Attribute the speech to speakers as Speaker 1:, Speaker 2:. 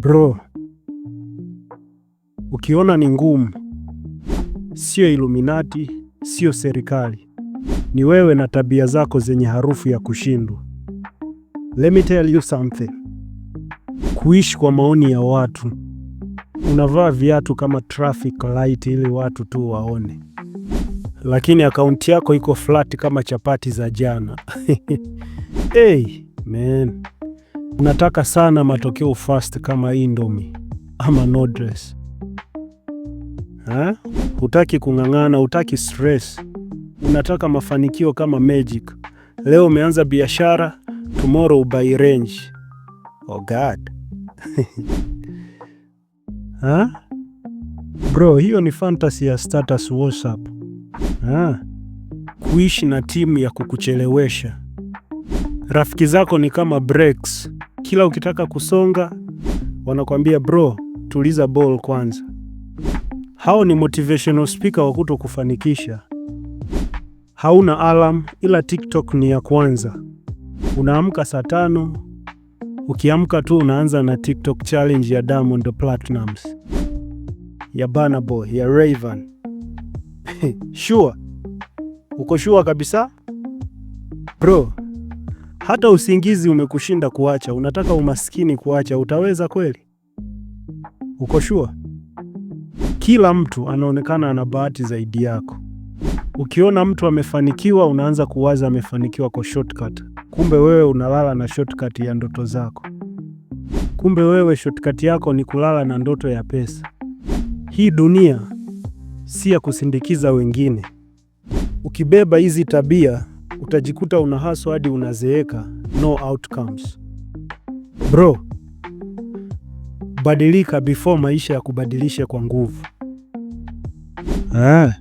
Speaker 1: Bro, ukiona ni ngumu, sio Illuminati, sio serikali, ni wewe na tabia zako zenye harufu ya kushindwa. Let me tell you something, kuishi kwa maoni ya watu. Unavaa viatu kama traffic light ili watu tu waone, lakini akaunti yako iko flat kama chapati za jana. Hey man. Unataka sana matokeo fast kama Indomie ama Nodles. Ha? Eh? Hutaki kung'ang'ana, hutaki stress. Unataka mafanikio kama magic. Leo umeanza biashara, tomorrow buy range. Oh God. Ha? Ah? Bro, hiyo ni fantasy ya status WhatsApp. Ha? Ah? Kuishi na timu ya kukuchelewesha. Rafiki zako ni kama breaks. Kila ukitaka kusonga wanakwambia bro, tuliza ball kwanza. Hao ni motivational speaker wa kuto kufanikisha. Hauna alarm, ila TikTok ni ya kwanza. Unaamka saa tano, ukiamka tu unaanza na TikTok challenge ya Diamond Platnumz, ya Burna Boy, ya Rayvanny sure, uko sure kabisa bro? Hata usingizi umekushinda kuacha, unataka umaskini kuacha, utaweza kweli? Uko shua? Kila mtu anaonekana ana bahati zaidi yako. Ukiona mtu amefanikiwa, unaanza kuwaza amefanikiwa kwa shortcut, kumbe wewe unalala na shortcut ya ndoto zako. Kumbe wewe shortcut yako ni kulala na ndoto ya pesa. Hii dunia si ya kusindikiza wengine. Ukibeba hizi tabia utajikuta una unahaswa hadi unazeeka, no outcomes. Bro, badilika before maisha ya kubadilisha kwa nguvu. Ah.